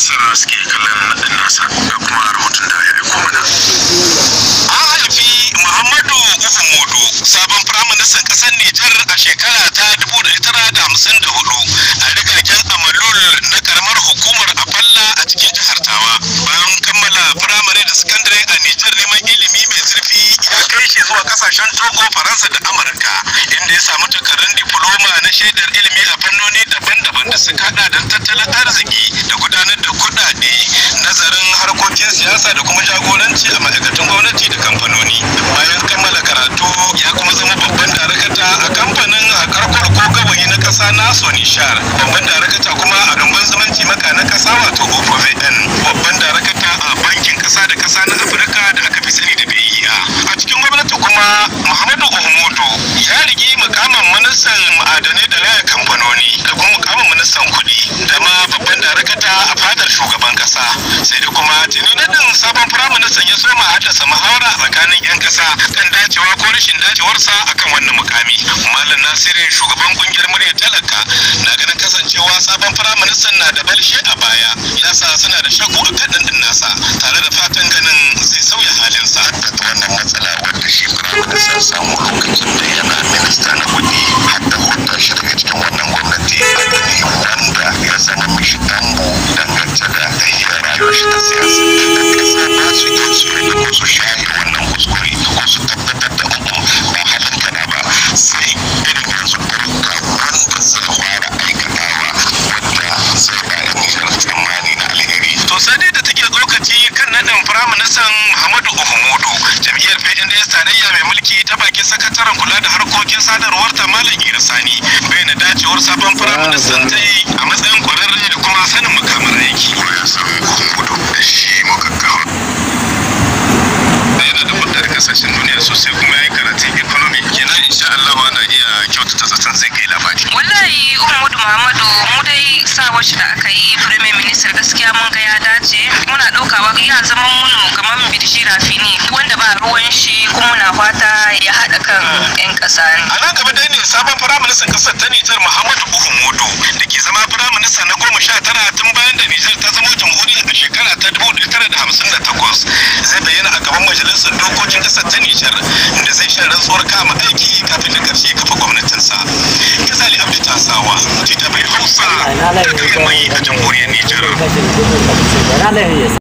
nasara suke kallon nasa da kuma rahoton da ya aiko mana. An haifi Muhammadu Ufu Modu sabon firaministan ƙasar Nijar a shekara ta 1954 a rikakken Amalul na karamar hukumar Afalla a cikin jihar Tawa. Bayan kammala firamare da sakandare a Nijar neman ilimi mai zurfi ya kai shi zuwa ƙasashen Togo, Faransa da Amurka inda ya samu takardun difloma na shaidar ilimi a fannoni da jagoranci a ma'aikatan gwamnati da kamfanoni bayan kammala karatu ya kuma zama babban darakata a kamfanin a karkar ko gawayi na kasa na sonishar babban darakata kuma a rumbun zumunci maka na kasa wato opvn ta a fadar shugaban kasa sai da kuma tuni nadin sabon firaministan ya soma haddasa muhawara tsakanin 'yan kasa kan dacewa ko rashin dacewarsa akan wannan mukami malam nasirin shugaban kungiyar murya talaka na ganin kasancewa sabon firaministan na da balshe a baya yasa suna da shaku a kan ɗin nasa tare da fatan ganin zai sauya halinsa. wannan matsala wanda shi firaministan samu lokacin da yana ministan kiro shi ta siyasa da kasa ba su yi su share wannan kuskure su tabbatar da ba sai irin yanzu wanda fara aikatawa da tsammani na alheri. dai da take lokaci kan naɗin firaministan muhammadu uhumudu jam'iyyar pnds tarayya mai mulki ta bakin sakataren kula da harkokin sadarwar ta malam irasani bayyana dacewar sabon firaministan ta yi a matsayin kwararre approach da aka yi prime minister gaskiya mun ga ya dace muna ɗaukawa ya zama mun kamar birji rafini wanda ba ruwan shi kuma muna fata ya hada kan 'yan ƙasa ne. A nan gaba dai ne sabon firaministan ƙasar ta Nijar Muhammadu Buhu Modo da ke zama firaminista na goma sha tara tun bayan da Nijar ta zama jamhuriya a shekara ta dubu ɗaya tara da hamsin da takwas zai bayyana a gaban majalisar dokokin ƙasar ta Nijar da zai sha rantsuwar kama aiki kafin da ƙarshe 那类，就是说，一干五年你就。那类也。